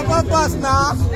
Agora eu posso assim, não.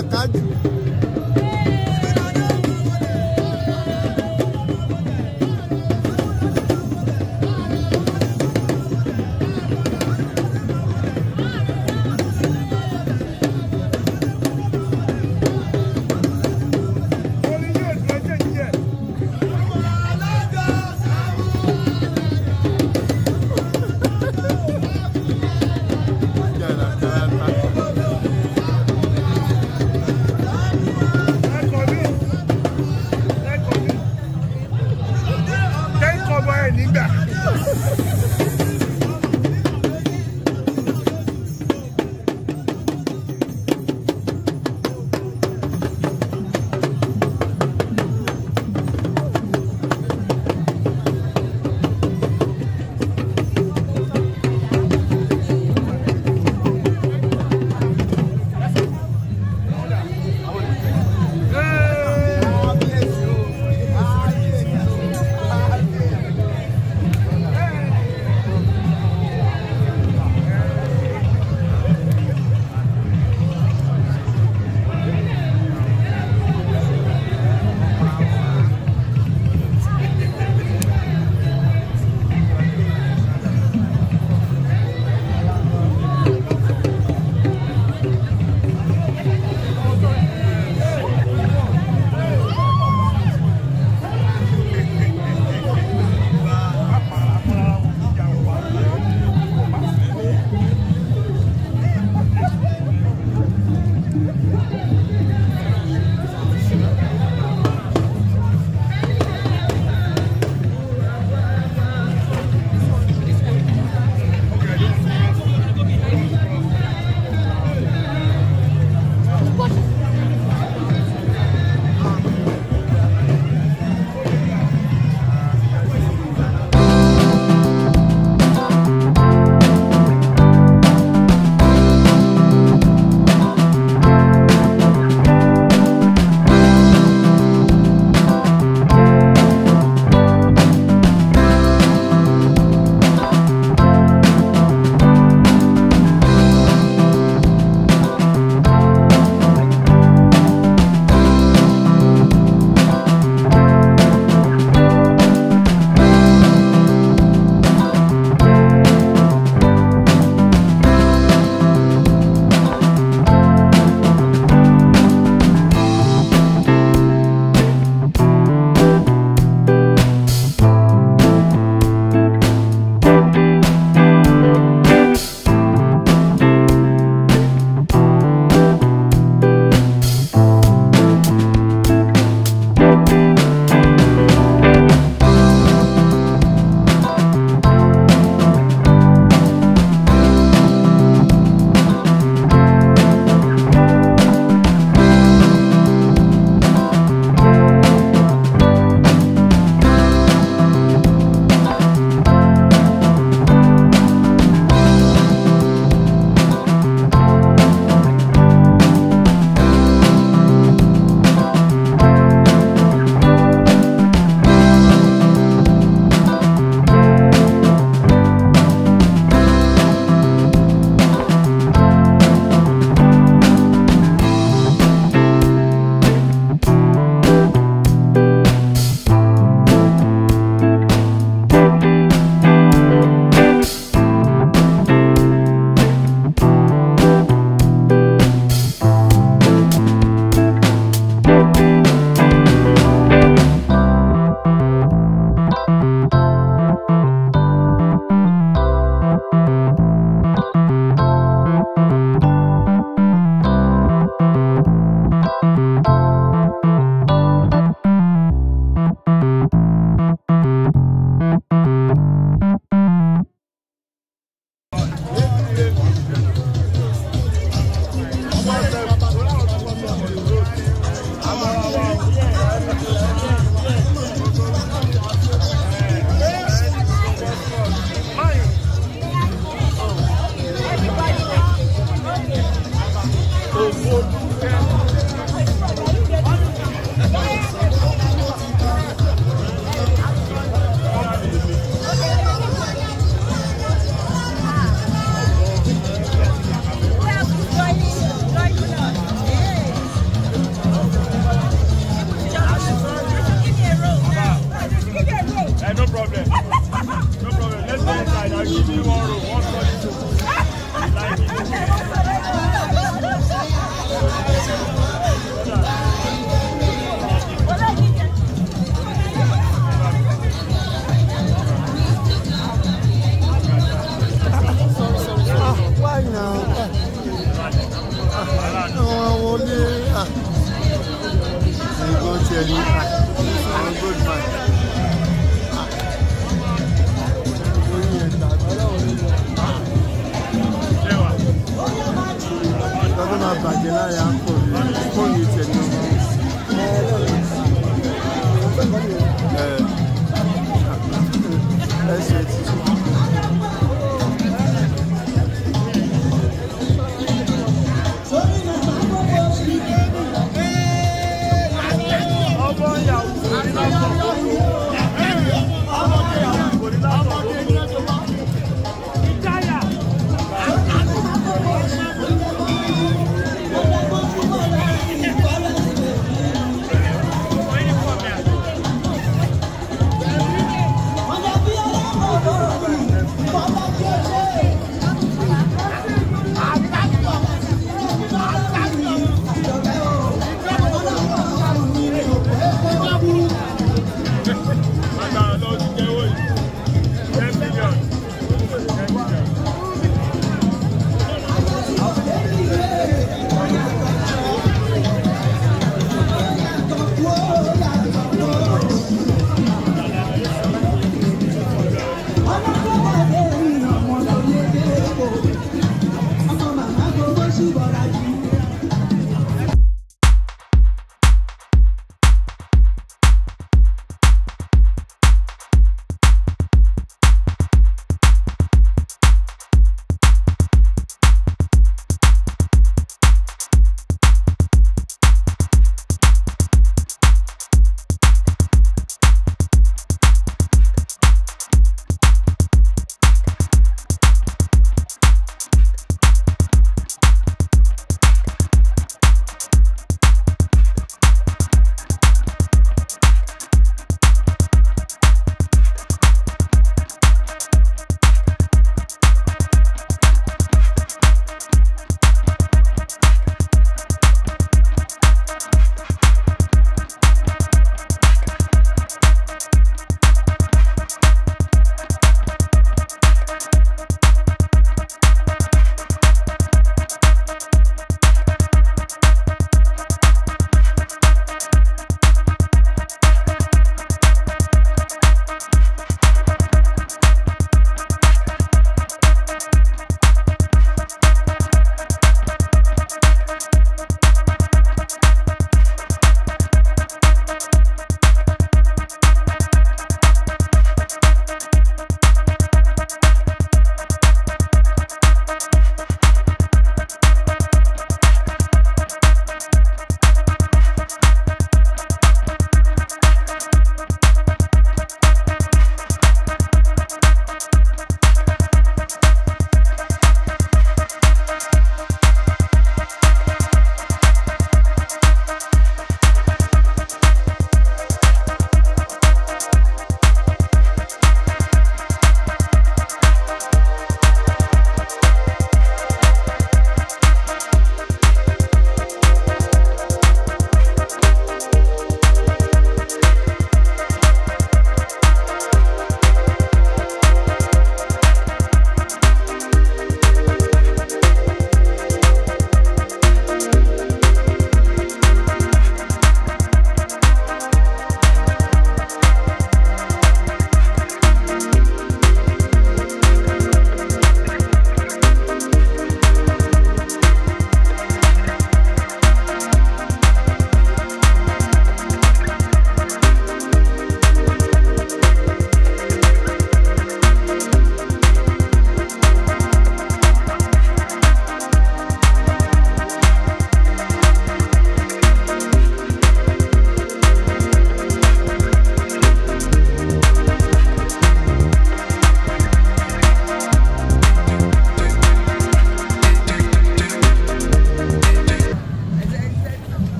Cacá tá, tá,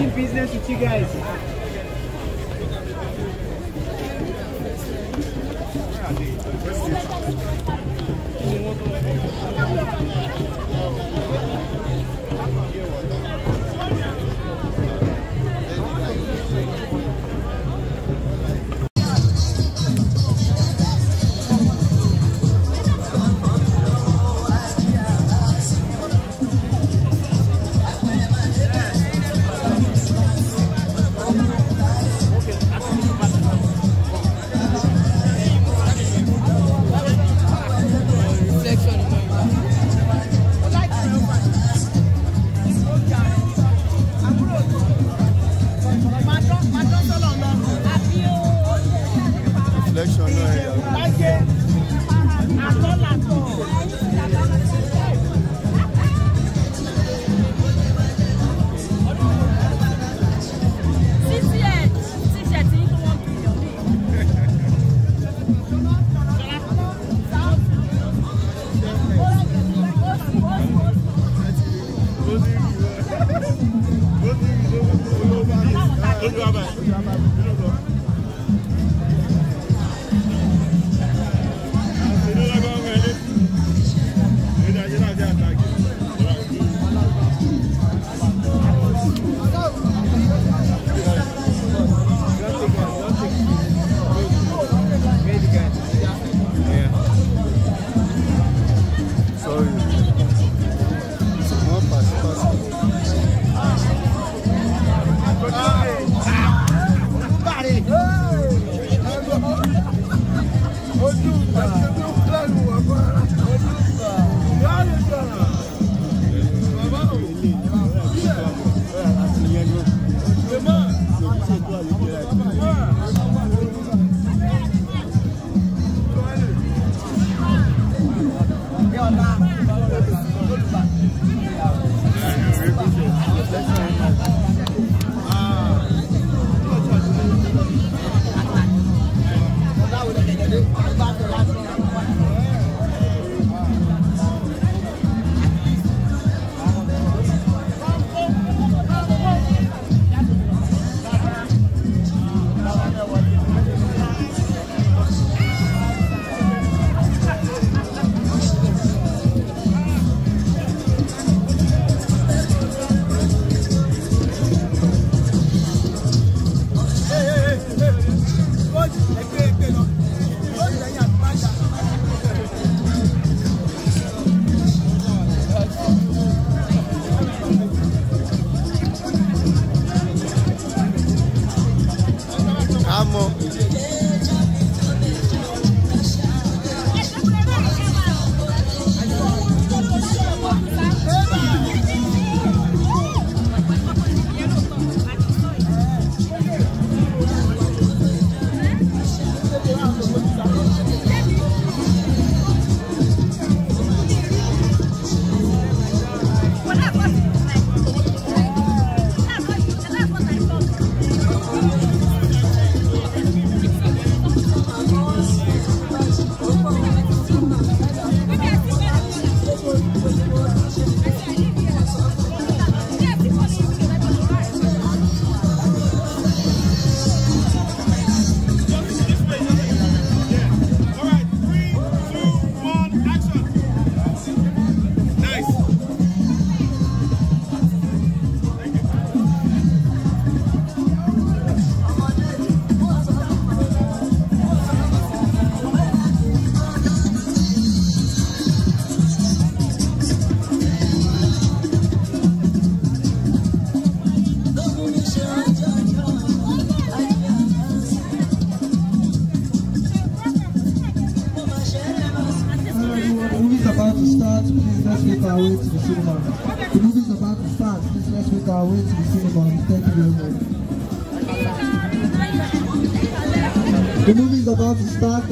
doing business with you guys.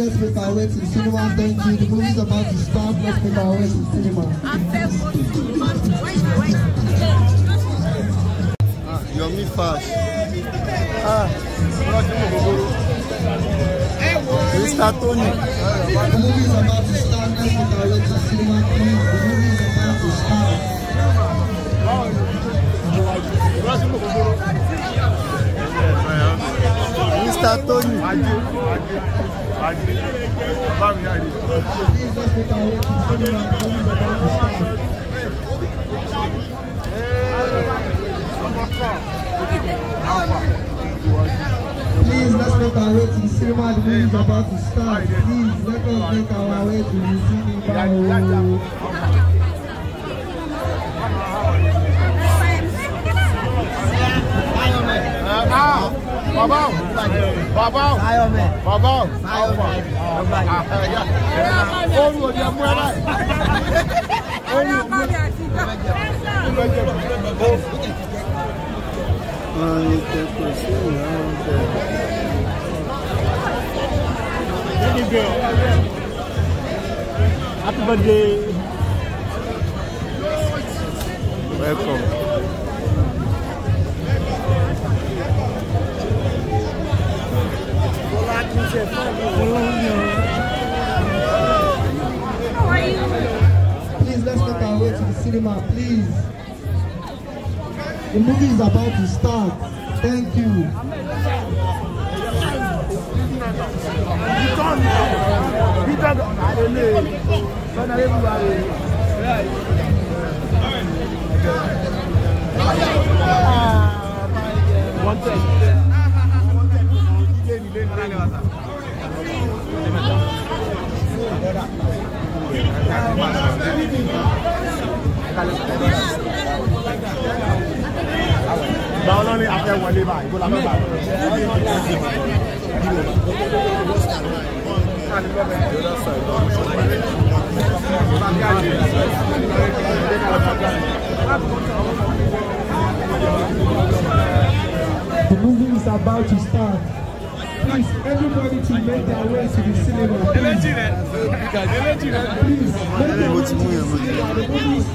always click our cinema. Thank you. The movie's about to start. Let's click our way to the cinema. Ah, me faço. Ah, próximo Gogoro. Está Tony. The movie's about to start. Let's click our way cinema. Please. que movie's about to start. Próximo Está Tony. Please let's make our way to the cinema. The movie is about to start. Please let us make our way to the cinema. Ah, babão! bàbá o bàbá o ọfọ àhẹyà oru òdi ẹmu ẹ báyìí oru òdi ẹmu ẹ báyìí. Ay, qué impresionante. Very good. Happy birthday. Welcome. cinema, please. The movie is about to start. Thank you. Thank you. The movie is about to start. Please, everybody to make their way to the cinema. Please, please, everybody to the cinema.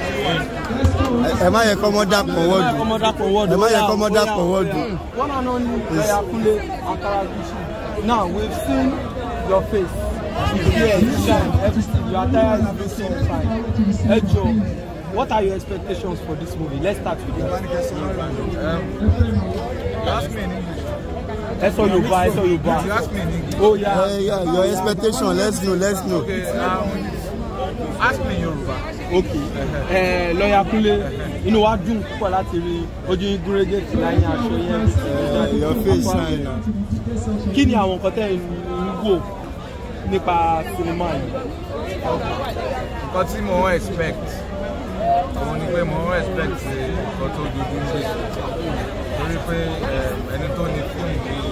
ẹ má yẹ kọ́mọ́ dàpọ̀ wọ́ọ̀dù ẹ má yẹ kọ́mọ́ dàpọ̀ wọ́ọ̀dù. one and only lọ́yà kúnlé akara now we've seen your face you hear you shine everything your attire is very on time ẹ jọ what are your expectations for this movie let's start with you. last minute. ẹ sọ yorùbá ẹ sọ yorùbá. oh yeah. Uh, yeah your expectation let's know let's know. Okay, um, ask me yorùbá. ok eh, lọ́ọ̀yà kúnlé inú wa dùn púpọ̀ láti rí ojú gúrégé tí láyé aṣọ yẹn ti ṣe kí ni àwọn nǹkan tẹ́ ń wò nípa sinimá yìí. nǹkan tí mo expect òun ni pé mo expect nǹkan tó dúdú ń gbé torí pé eh, ẹni tó ní fíìmù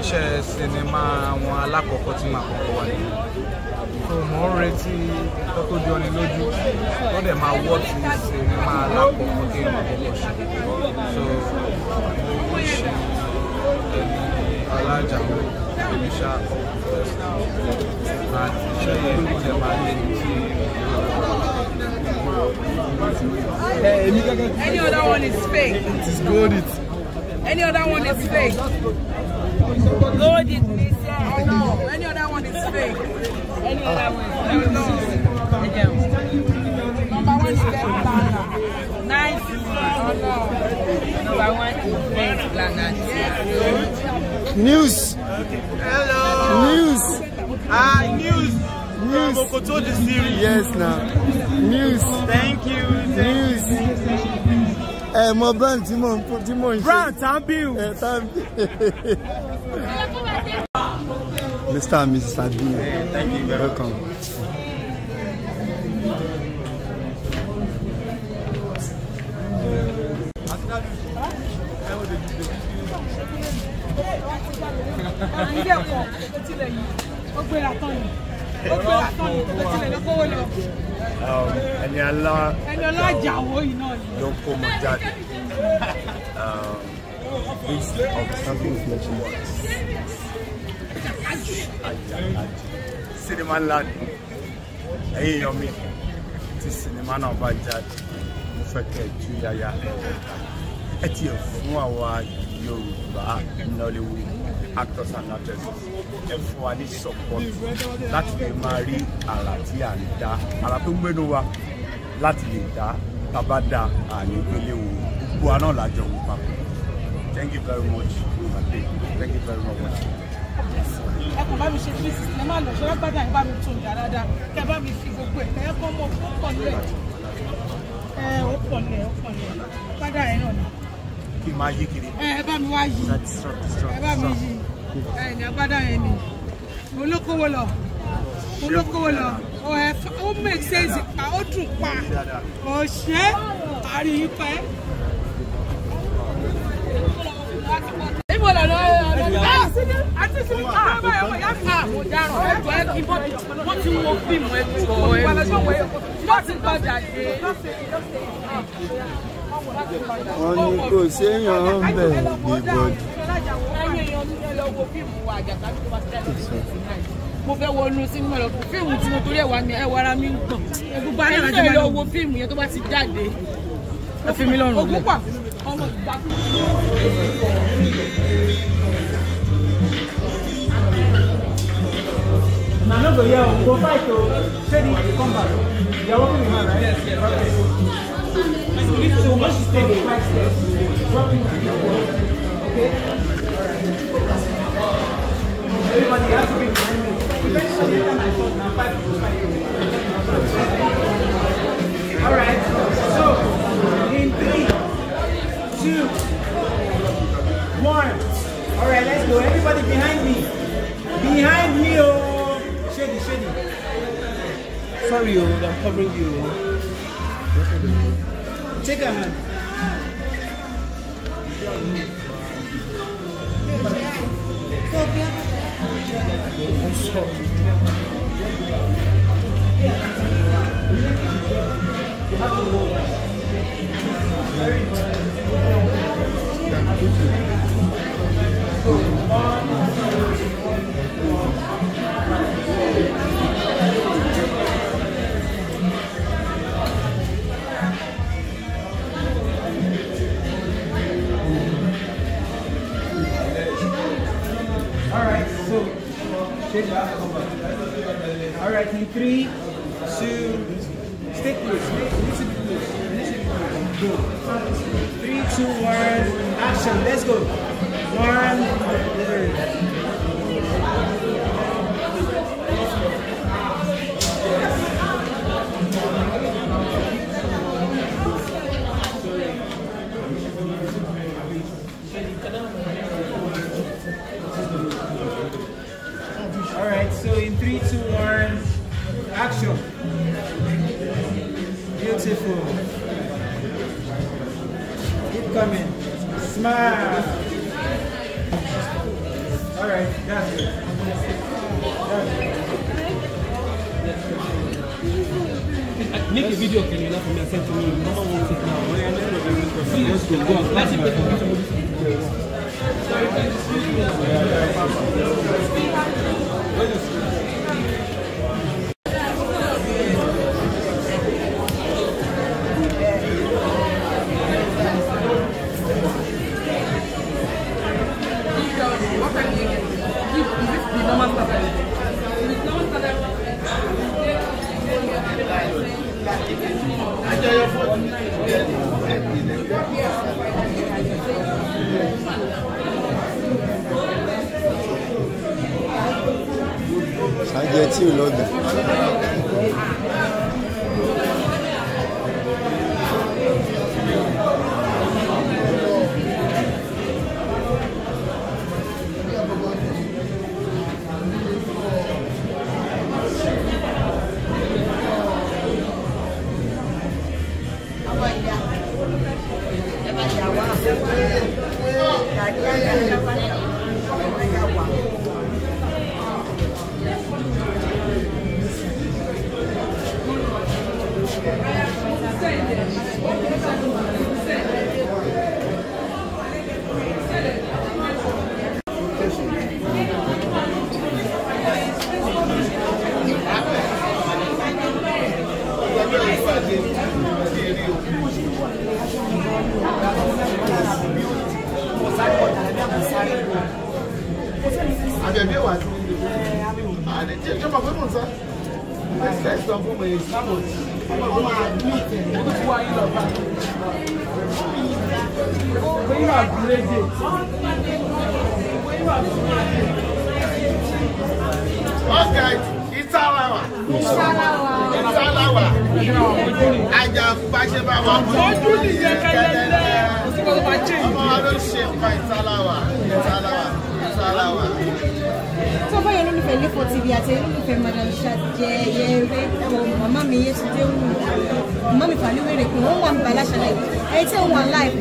iṣẹ́ sinimá wọn alákọ̀ọ́kọ́ tí màá kọ́kọ́ wà nínú so mo ń retí ọkọ tó jọ ni lójú ó dẹ̀ máa wọ́ ti sinmi máa lápapọ̀ kí n kọ́kọ́ ṣe so mo ń ṣe alájà èmi ṣá àti iṣẹ́ yẹn ó dẹ̀ máa lé ti Any other one is fake. It is gold it. Any other one is fake. Gold is this, yeah, or no. Any other one is fake. Ah. News. Hello. News. Ah, news. News. Yes, now. News. Thank you. News. Ẹ eh, mọ brand tí mò ń ṣe. Brand Tambiu. Ẹ eh, Mr. and Mrs. Adina. Hey, thank you very Welcome. much. ilé ẹ̀kọ́ tó tilẹ̀ yìí ó gbéra tán ni ó um, this of something is much sinimá ńlá ni ẹ̀yin mi tí sinimá náà bá jáde mo fẹ́ kẹ́ ju yáyá ẹ ti ẹ̀ fún àwa Yorùbá Nollywood actors and actresses ẹ fún wa ní support láti lè máa rí àrà tí à ń dá àrà tó ń gbénu wa láti lè dá bàbá dá àní gbélé wo gbogbo àná làjọ wò papọ̀ thank you very much thank you very much ẹ kàn bá mi ṣe three sixty ẹ má lọ ṣọlá gbádà ẹ bá mi tún ìyá dáadáa kẹ bá mi fi gbogbo ẹ ẹ kàn mọ ó pọ̀ nílẹ̀ ẹ ó pọ̀ nílẹ̀ ó pọ̀ nílẹ̀ gbádà ẹ náà ni. kí n máa yí kiri. ẹ ẹ bá mi wá yí ẹ bá mi yí ẹ ní agbádà yẹn ni mo ló kówó lọ mo lọ ọ ẹ ó make sense pa ó dùn pa ò ṣe àríyí pa ẹ mo dáràn ẹjọ ẹ kí wọ́n ní kò séèyàn ń bẹ̀ níbọ̀dì mo fẹ́ wọnú sinimá lọ fíìmù tí mo torí ẹ̀wà mi ẹ̀wà ara mi ń gbọ̀n ẹ̀gbọ́n ara mi ń lọ wo fíìmù yẹn tó bá ti jáde. ẹ fi mi lọ́rùn lẹ. ògùn pà ọmọ ìgbà Now, no go yeah, go fight to trade come back. You are working with her, right? Yes, yes, yes. So much to your Okay? Everybody has to be behind me. Depending on the time I thought, now to Alright, so in three, two, one. Alright, let's go. Everybody behind me. Behind me, oh shady, shady. Sorry, yo, oh, I'm covering you. Take a hand. I'm sorry. All right, in three, two, stick loose, listen loose, loose. Three, two, one, action, let's go. One, two, three. three, two, one, action. Beautiful. Keep coming. Smile. All right, that's it. That's it. Make a video, can you for me and send to me? Mama won't take now. let's go. Go let's a picture.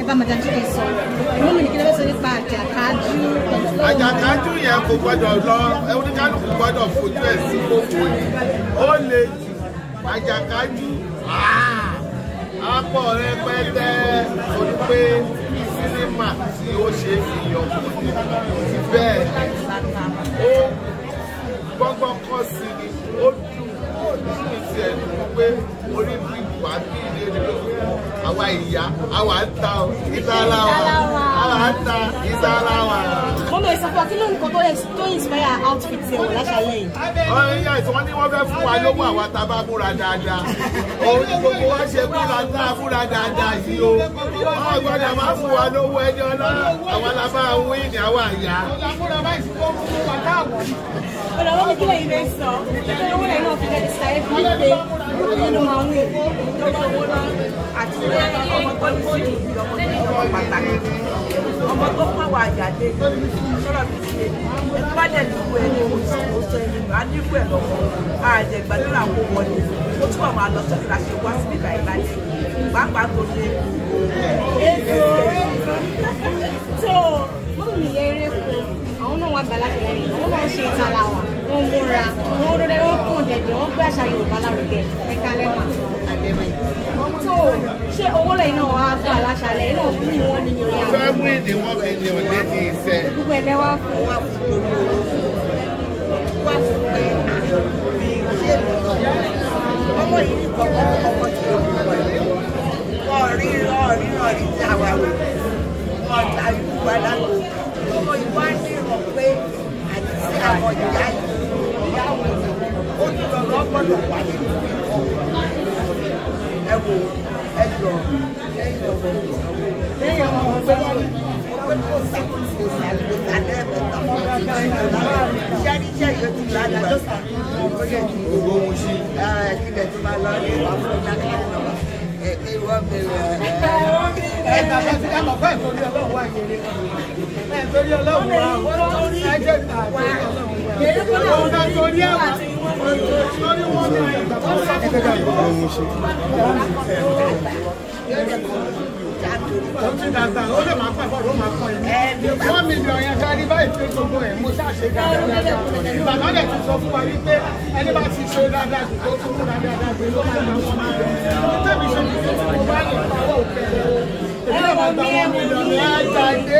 nípa madam ṣe sọ inú mi ní kí ló fẹ́ sọ nípa àjàkájú. àjàkájú yẹn kò gbọdọ̀ lọ oníkálukú gbọdọ̀ fojú ẹ̀ sí gbogbo ni ó le jù àjàkájú àpọ̀ rẹpẹtẹ olùgbé sinima tí ó ṣe fi ọkùnrin ti bẹ́ẹ̀ ó gbọ́ngbọ́n kọ́ sí ni ó dùn ó dùn ní tiẹ̀ nínú pé orí bí wàá bí ilé rẹ̀ àwa ìyá àwa ń ta o ìsáláwà àwa ń ta ìsáláwà. mọ́mí ẹ̀ sọ fún wa kí ló ń kọ́ tó tó inspire outfit ẹ̀ wọ̀ láṣálẹ̀ yìí. ọ̀rọ̀ ìyá ìtàn wọn ni wọ́n fẹ́ fún wa lówó àwa tá a bá múra dáadáa òun ni gbogbo wa ṣe múra tá a múra dáadáa yìí o wọ́n gbọ́dọ̀ máa fún wa lówó ẹni ọlọ́run àwa la máa ń wí ní àwa ìyá. ọ̀rọ̀ wọn ni kí lè yí lè sọ ìtọ́jú owó rẹ̀ náà fi lè ṣàyẹ̀ fún mi pé nínú àwọn owó ìjọba owó lọ́wọ́ àti bóyá kí ọmọ tó ní sí ìjọba ìjọba pàtàkì ọmọ tó pọ̀ wà àjàdé sọ̀rọ̀ fi ṣe ẹtú bá dẹ̀ dúró ẹni oṣù ẹni rà dínkù ẹ̀ lọ́wọ́ àjẹ́ gbàdúrà kó wọlé ó túbọ̀ máa lọ sọ́kìlà ṣe wá sí ìgbà ìbálẹ̀ pàápàá tó wọ́n múra wọ́n rẹ̀ ó kàn jẹ̀jẹ̀ wọ́n gbé àṣà Yorùbá lárugẹ ẹ̀ka lẹ́mà. tó ṣé owó lẹ́yìn náà wàá gbà láṣàlẹ̀ iná fún ìwọ́n ni yòóyà. fẹ́ mú ìdí wọn fi ní ọ̀lẹ́ ti ìfẹ́. gbogbo ẹ̀lẹ́ wá fún wa fún wa fún pé ṣé ọmọ yìí ní kọ̀ọ̀kan ọmọ tí ó ń bọ̀ yìí ọ̀rí ọ̀rí ọ̀rí tí a wà wò ọ̀tá ìlú wa lágbo ọmọ ìwádìí rọ̀ pé àti sí àwọn ìyá yìí gbọ́dọ̀ wà ní ẹ wo ẹ jọ ẹ ó lè máa pẹ̀ bọ́ ló máa pọ̀ yìí. wọ́n mi lọ yẹn kárí báyìí pé gbogbo ẹ̀ mo ṣàṣe dáadáa dáadáa. ní kí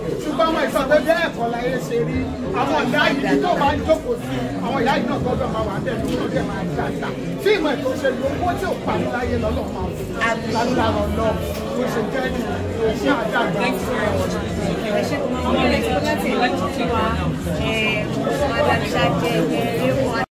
ṣùgbọ́n àwọn ìsọ̀tẹ́ jẹ́ ẹ̀kọ́ láyé ṣe rí àwọn ìyá yìí tó bá jókòó sí àwọn ìyá yìí náà gbọ́dọ̀ máa wà bẹ́ẹ̀ lórí ọdẹ máa dà dà tí ìmọ̀ ètò òṣèlú owó tí ò pa láyé lọ́lọ́ máa wù lágbára lọ bó ṣe jẹ́ ní ìṣe àdàgbà. ẹ ṣe kò máa wọlé tó láti ìwádìí tí wàá ẹ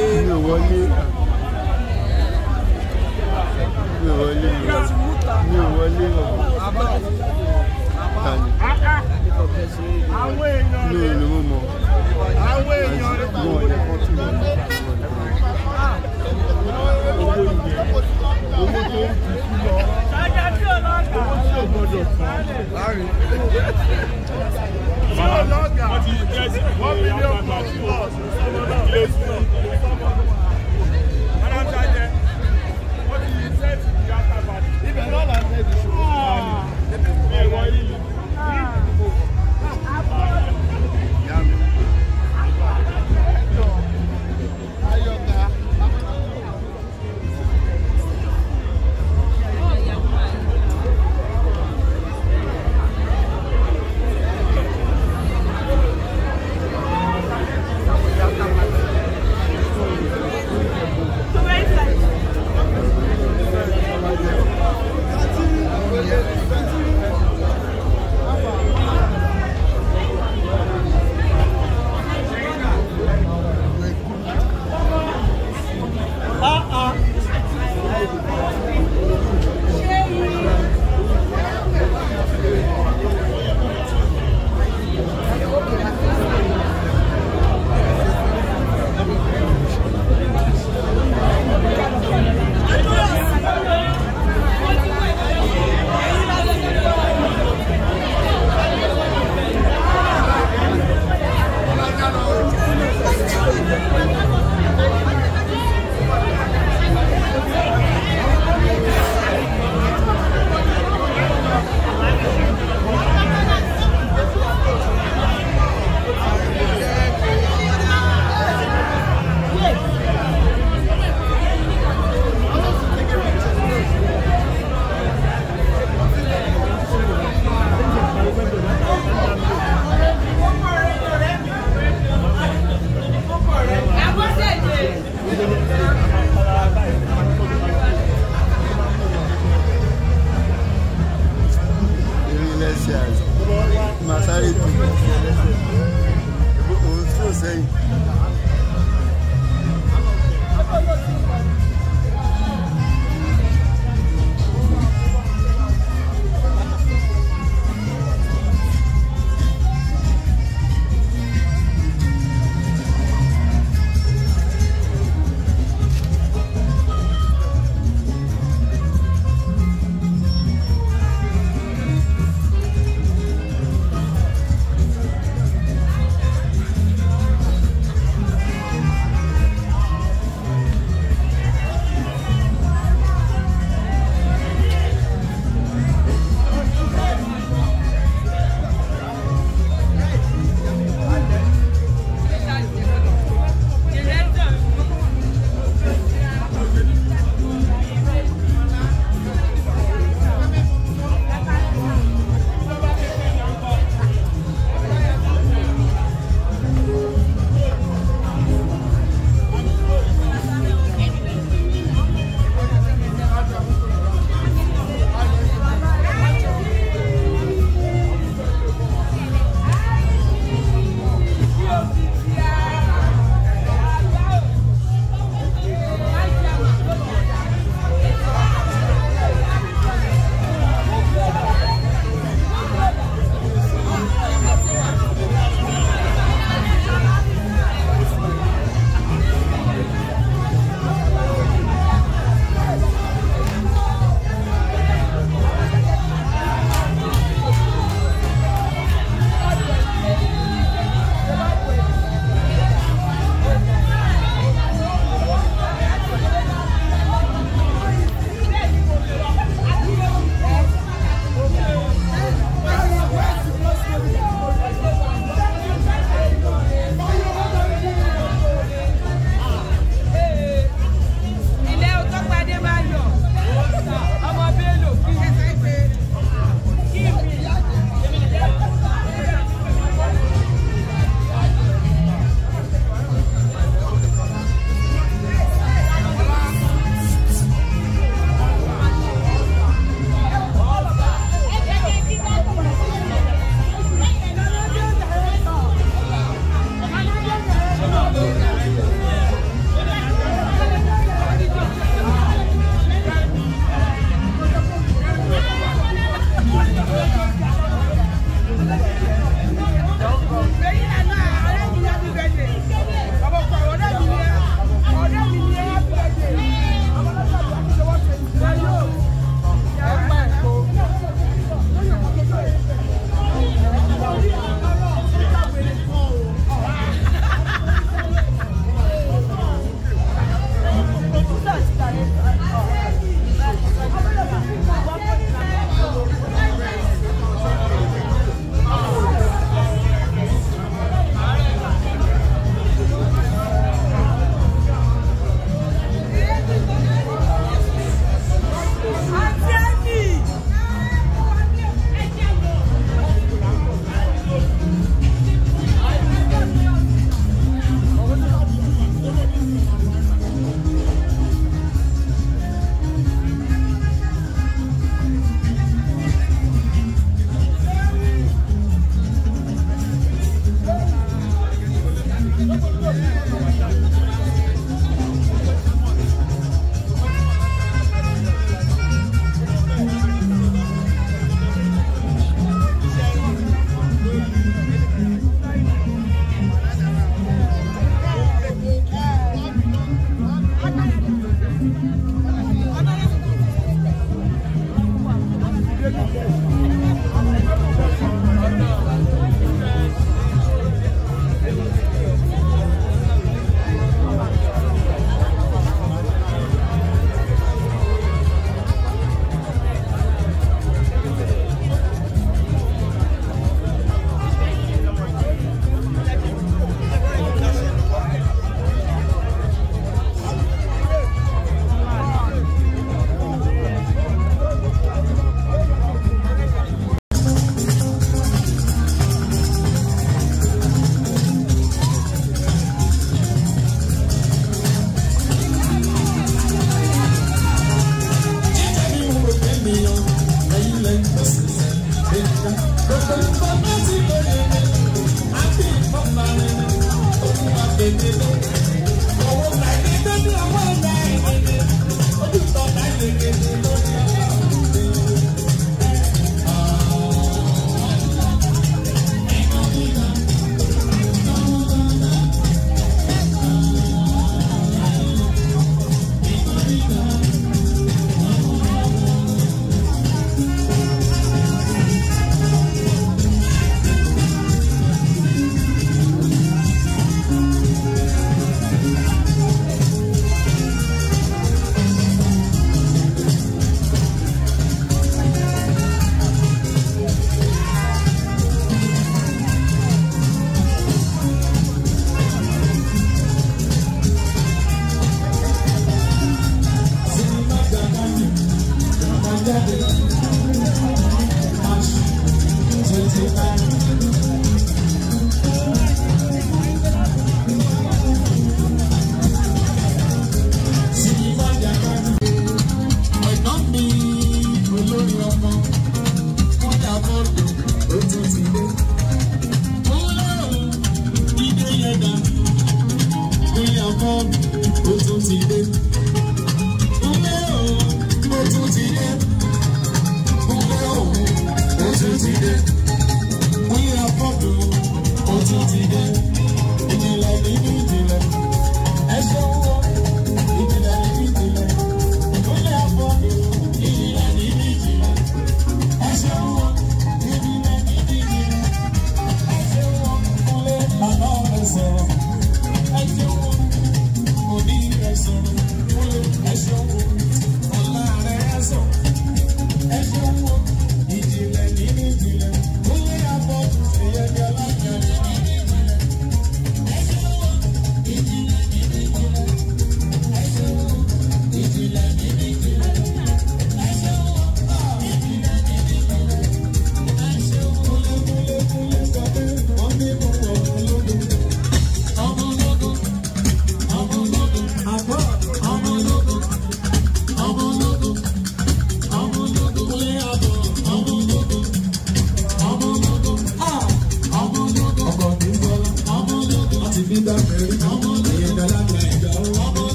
wọlé. mi ò wọlé. mi ò wọlé mi ò wọlé tani. mi ò lówó mọ́. àwọn èèyàn rẹ̀ kọ́ wọlé. owó ìyẹn owó tó ń tutù lọ. owó tí ò gbọdọ̀ fún. láàrin. wọ́n ti jẹ́ sí one million plus plus.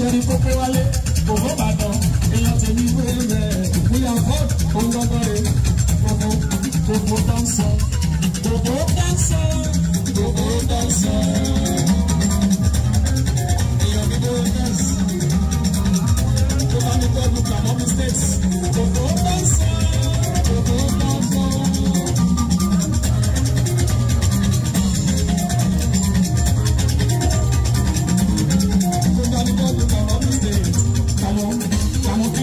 ṣe ni kó pé wálé òwò ìbàdàn èèyàn tèmi wé rẹ̀ ìyá fọ́ọ̀d òun gbọ́dọ̀ rẹ̀ gbogbo gbogbo dáńsọ gbogbo dáńsọ gbogbo dáńsọ. èèyàn mi bó the tó bá mi gbọ́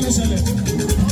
Gracias.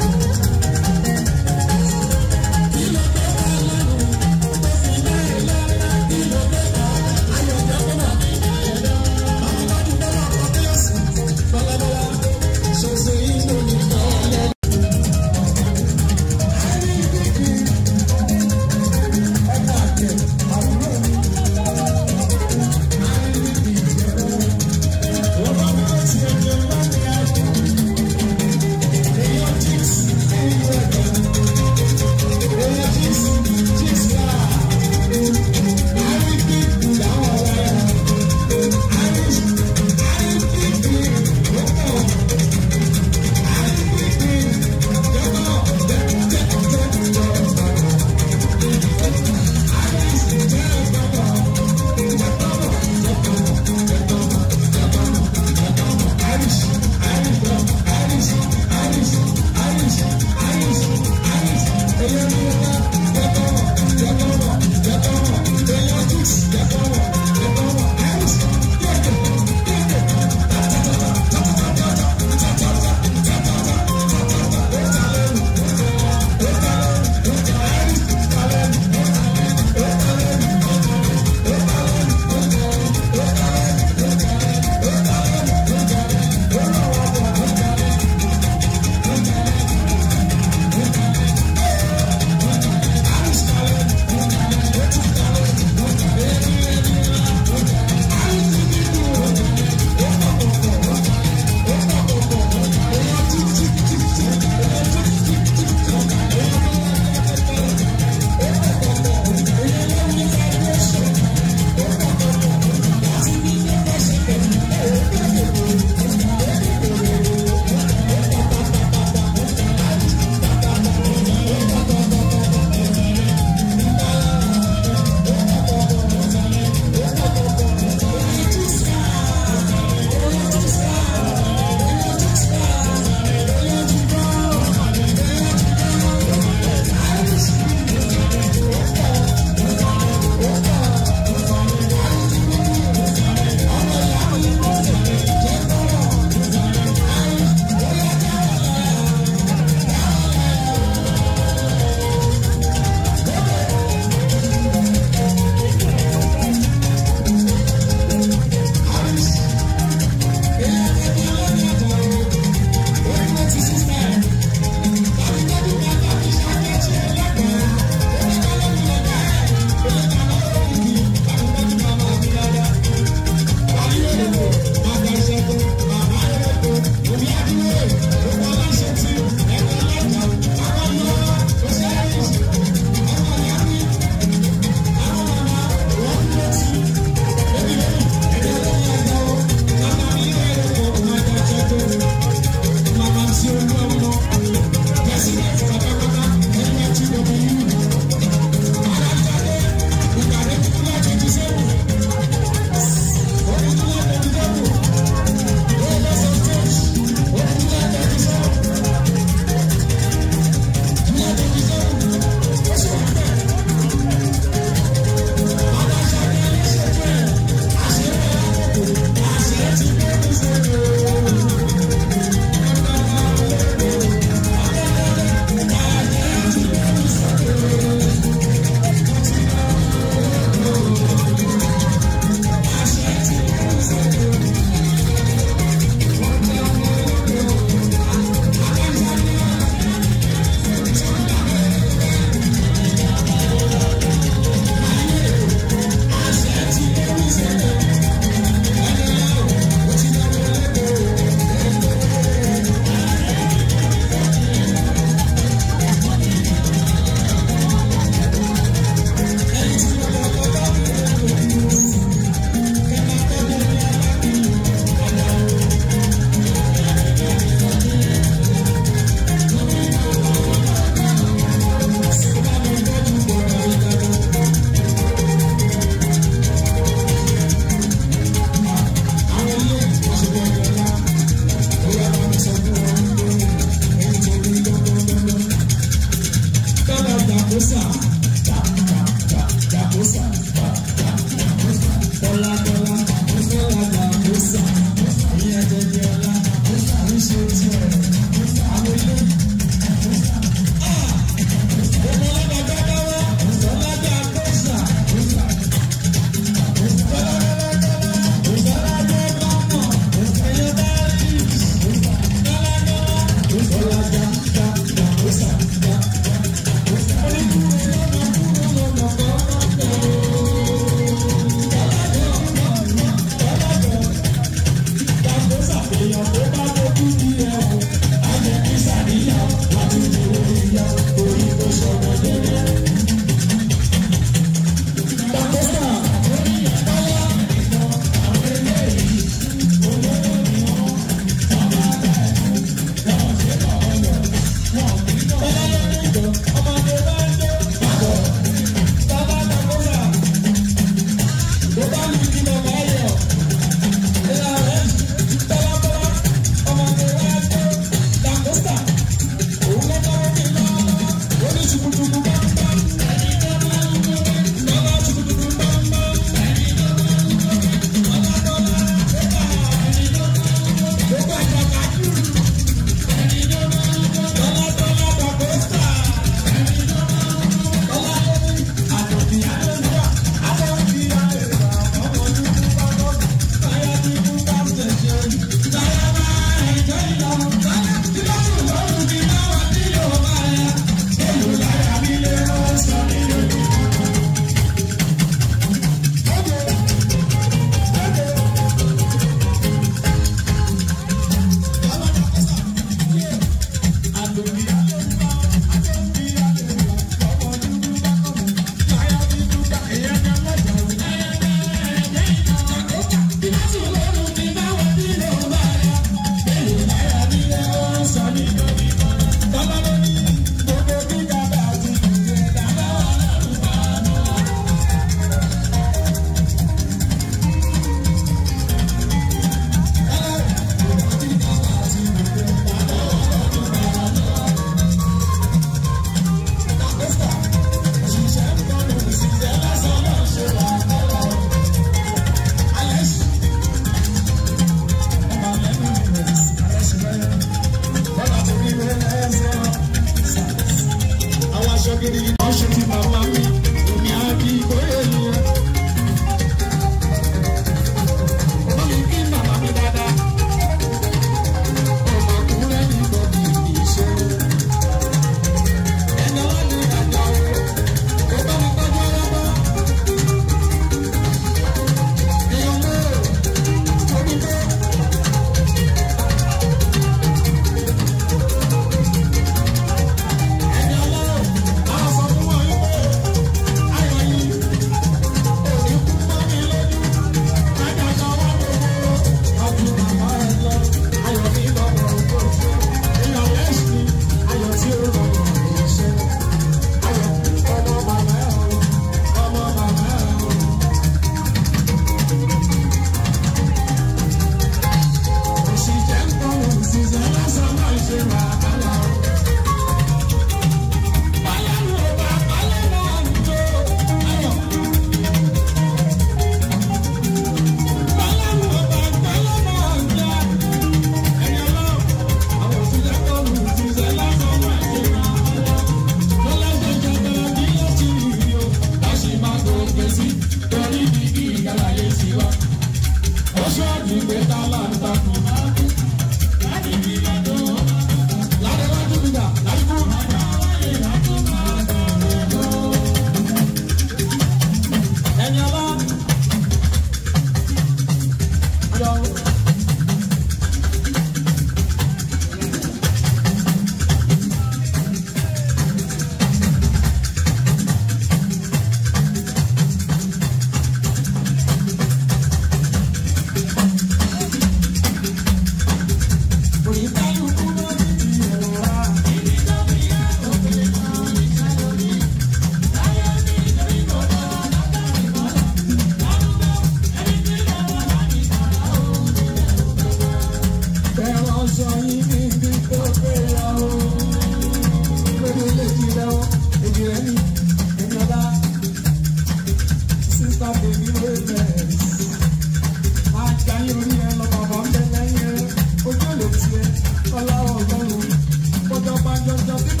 Yo, yo, yo,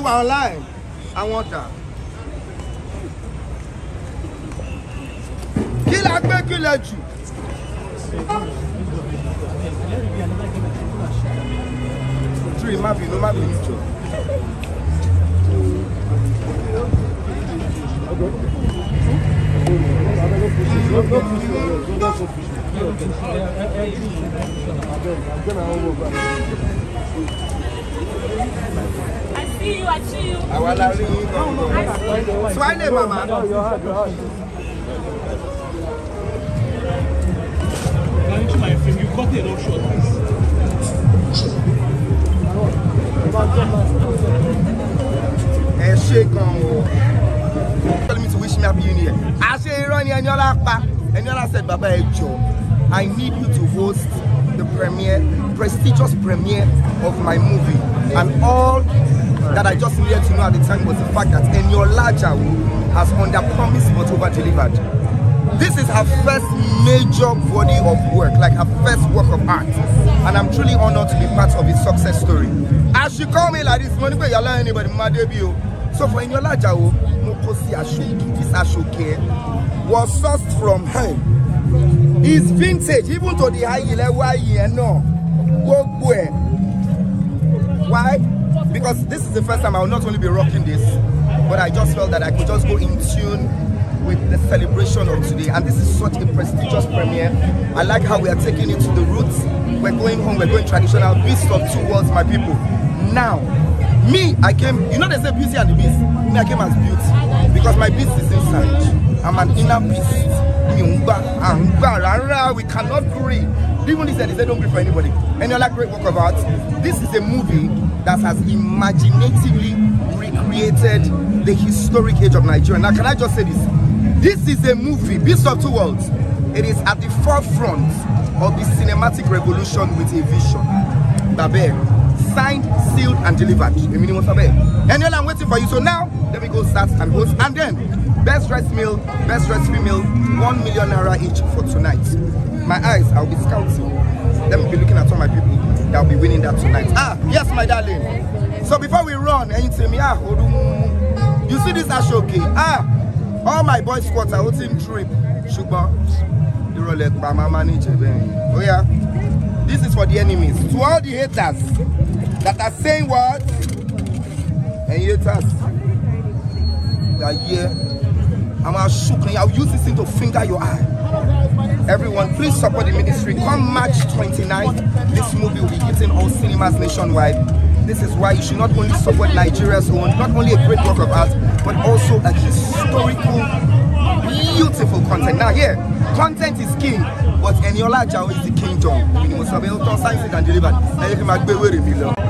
You are alive. I want that. Baba Ejo, I need you to host the premiere, prestigious premiere of my movie. And all that I just needed to know at the time was the fact that Eniola Ajawu has under promised but over delivered. This is her first major body of work, like her first work of art. And I'm truly honored to be part of its success story. As she call me like this, money where you're lying anybody, my debut. Oh. So for Eniola Ajawu, Mokosi Ashoki, this Ashoke was sourced from her is vintage even to the high level high yẹn náà gbogbo ẹ̀ why because this is the first time I will not only be rocking this but I just felt that I could just go in tune with the celebration of today and this is such a prestigious premiere I like how we are taking it to the roots we're going home we're going traditional beast of two worlds my people now me I came you know they say beauty and the beast me I came as beauty because my beast is inside I'm an inner beast we cannot grieve. Even he said, he said, don't grieve for anybody. Any other great work of art. This is a movie that has imaginatively recreated the historic age of Nigeria. Now, can I just say this? This is a movie, Beast of Two Worlds. It is at the forefront of the cinematic revolution with a vision. Babe, signed, sealed, and delivered. Any other, I'm waiting for you. So now, let me go start and host. And then, Best dressed male, best dressed female, one million naira each for tonight. My eyes, I'll be scouting. Let me be looking at all my people that'll be winning that tonight. Ah, yes, my darling. So before we run, and you tell me, ah, you see this ashoki? Ah, all my boys squad I will team trip. Sugar, the roll like my manager. Oh, yeah. This is for the enemies. To all the haters that are saying what? And haters, they are here. I'm shooting. I'll use this thing to finger your eye. Everyone, please support the ministry. Come March 29th, this movie will be hitting all cinemas nationwide. This is why you should not only support Nigeria's own, not only a great work of art, but also a historical, beautiful content. Now here, content is king, but Eniola Jao is the kingdom. You must have a science and delivered. Now you can make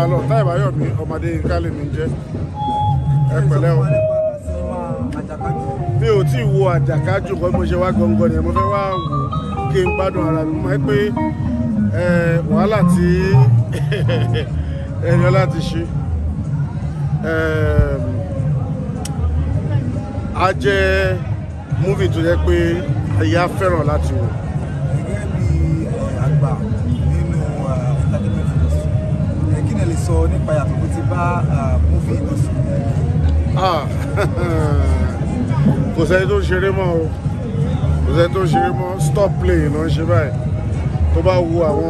ọlá lọ táì báyọ̀ mi ọmọdé yínká lè mi jẹ́ ẹ pẹ̀lẹ́ o. mi ò tí ì wo àjàkájù kan mo ṣe wá gangan nìyẹn mo fẹ́ wá wò ó kí n gbádùn ara mi mọ̀ pé wàhálà tí Ẹniọlá ti ṣe a jẹ́ múvì tó yẹ pé ẹ̀yà fẹ́ràn láti wò. bá múfì ìbọn sí. kò sẹ́ni tó ń ṣeré mọ́ o kò sẹ́ni tó ń stop play ló ń ṣe báyìí tó bá wo àwọn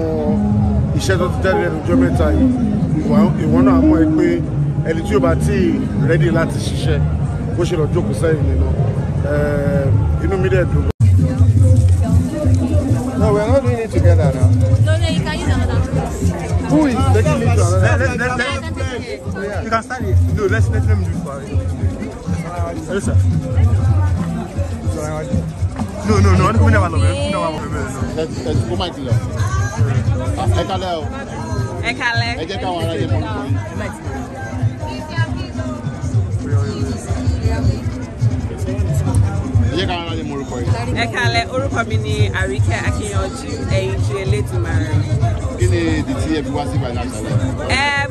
iṣẹ́ tó ti jáde lẹ́nu ọjọ́ mẹ́ta yìí ìwọ náà mọ̀ ẹ́ pé ẹni tí ó bá tí ì rẹ́dí láti ṣiṣẹ́ bó ṣe lọ jókòó sẹ́yìn nínú inú mi Allez, ça. No, no, no, ọdún fún mi náà wà lọ́wọ́ fún mi o. Ẹ kalẹ̀. Ẹ jẹ́ káwọn ará yẹ mọ́ nípa yín. Ẹ jẹ́ káwọn ará yẹ mọ́ orúkọ yín. Ẹ kalẹ̀ orúkọ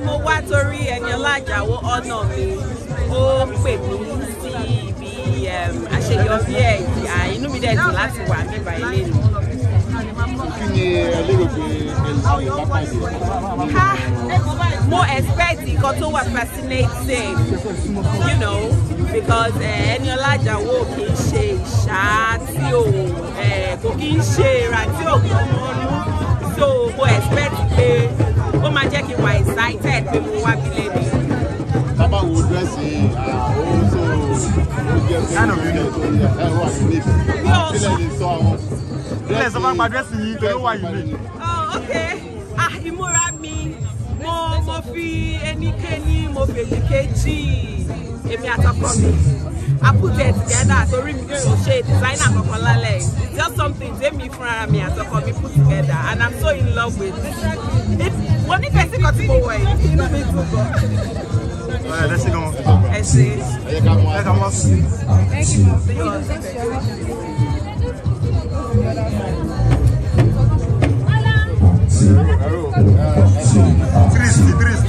mo wá torí Ẹniọlá Àjàó ọ̀nà mi, ó pè Um, àṣeyọrí ẹ̀ inú mi dẹ̀ dùn láti wà nígbà ilé mi. kí ni ẹ pé ẹ bá mo expect nǹkan tó wà fascinating you know because Eniola Ajawo kì í ṣe ìṣá tí ò eh, kò kì í ṣe ìrà tí ò kọ́ mọ́nú so mo expect pé ó máa jẹ́ kí n wà excited pé mo wá bílẹ̀ mi. bàbá wo dírẹ́sì eh, àwọn ohun kind of unique. ilé ẹ̀sọ́ bá oh, ah, ìmúra mi mo mo fi ẹnikẹ́ni mo fèjì kejì èmi àtọkọ mi I put it together torí mi yóò ṣe designer kankan lálẹ́ just something tèmi fúnra mi àtọkọ mi put together and I'm so in love with it. mo nífẹ̀ẹ́ sí kan tí mo wọ̀ yìí inú mi dùn gan. Ouais, laissez commencer. Essayez. Elle commence. Euh, triste, triste.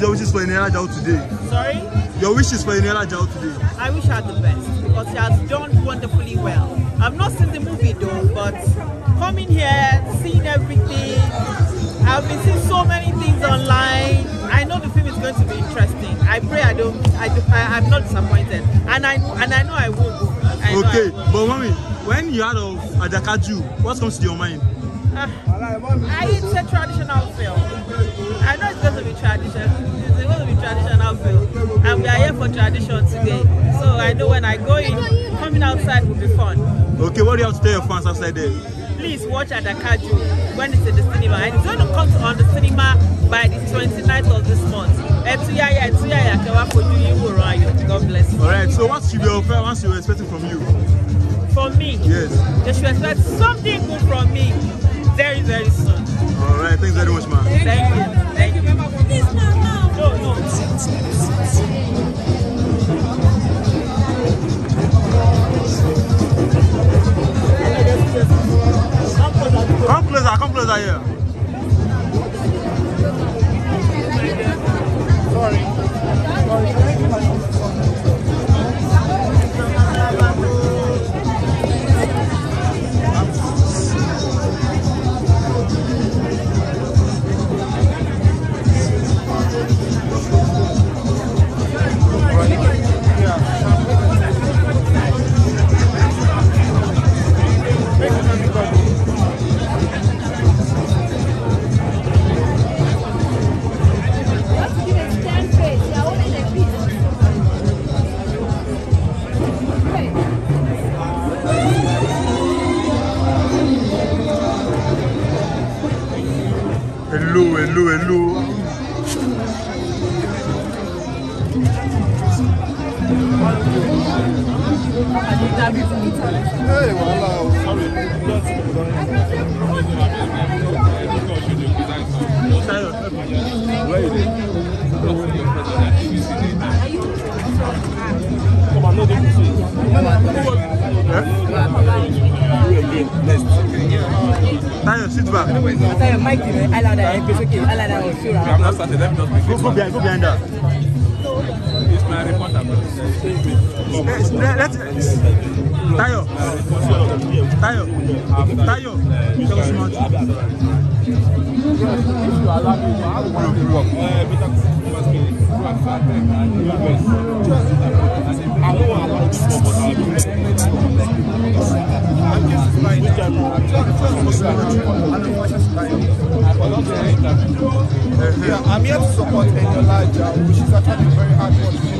is your wishes for Eniola Jao today? Sorry? Your wishes for Eniola Jao today? I wish her the best because she has done wonderfully well. I've not seen the movie though, but coming here, seeing everything, I've been seeing so many things online. I know the film is going to be interesting. I pray I don't, I, do, I am not disappointed, and I and I know I will. I okay, I but mommy, when you heard of Adakaju, what comes to your mind? Uh, I, eat a traditional tradition. It's going to be traditional film. And we are here for tradition today. So I know when I go in, coming outside will be fun. Okay, what do you have to tell your fans outside there? Please watch at Akaju when it's in the cinema. And it's going to come to, on the cinema by the 29th of this month. God bless you. Alright, so what should be your fans you're expecting from you? From me? Yes. They should expect something good from me very, very soon. All right. Thanks very much, man. Thank you. Thank you. Come closer, come Sorry. Sorry. hello hello hello. Hey, wàhálà o. Attends, Mike, Alada, Alada, on sure. I'm not started. Let me just go, behind, go behind that. It's my reporter, Let's, Tayo, Tayo, Tayo, tell us much. If you allow me, I will want to work. I'm here to support Angela Jaw, which is actually very hard work.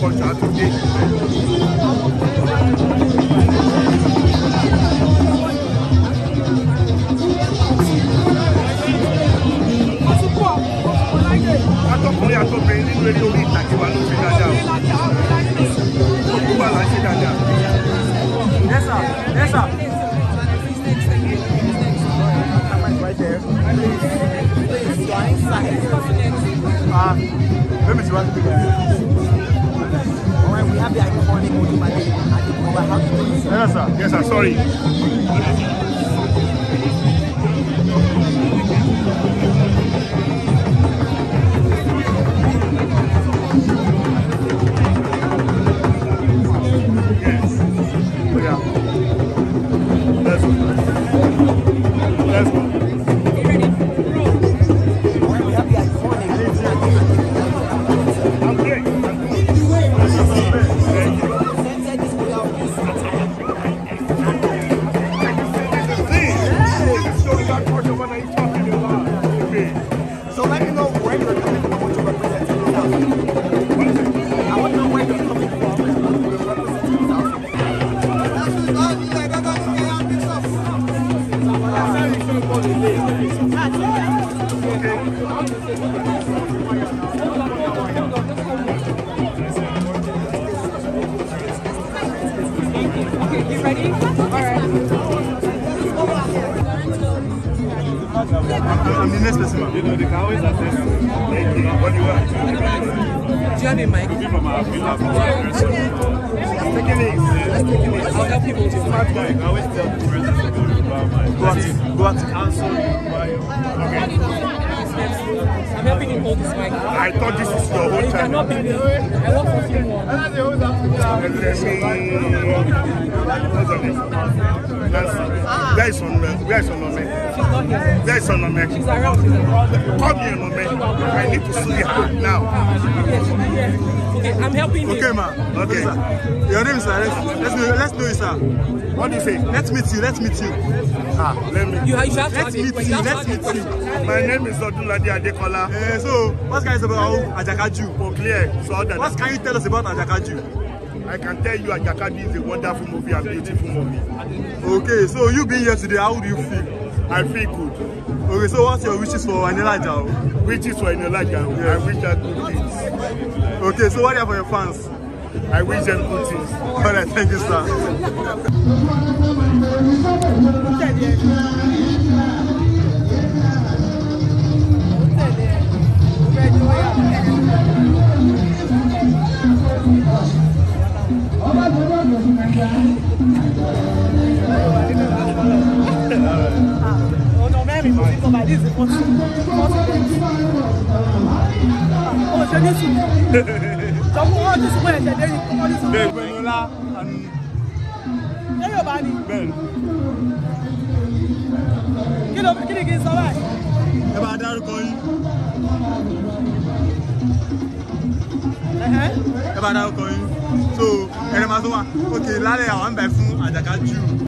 culture today. atọkùnrin atọkùnrin nínú eré orí ìtàgé wa ló ṣe dáadáa gbogbo wa là ń ṣe dáadáa. ẹ sà Ah, let me see what I can Alright, we have the iconic at the Yes, sir. Yes, sir. Sorry. Nah. What do you say? Let's meet you. Let's meet you. Ah, let me. You, you have let's to meet you. Let's meet you. My name is Odunlade Adekola. Uh, so, what can you say about Ajakaju? For clear, so that. What can you tell us about Ajakaju? I can tell you Ajakaju is a wonderful movie and beautiful movie. Okay, so you being here today, how do you feel? I feel good. Okay, so what's your wishes for Enilaja? Wishes for Enilaja? Yes. I wish her good things. Okay, so what are you for your fans? I wish them good things. All right, thank you, sir. Oh, je ne suis So for all this way, there is all this way. Bẹ́ẹ̀ Ben lọ́la àní. Ṣé Yorùbá ni? Bẹ́ẹ̀ni. Kí ló kí ni kí n sọ báyìí? Ẹ bá dárúkọ yín. Ẹ bá dárúkọ yín. So ẹ̀rẹ̀ máa tó wà. Ok lálẹ́ àwọn àǹbẹ̀ fún àjàkájú.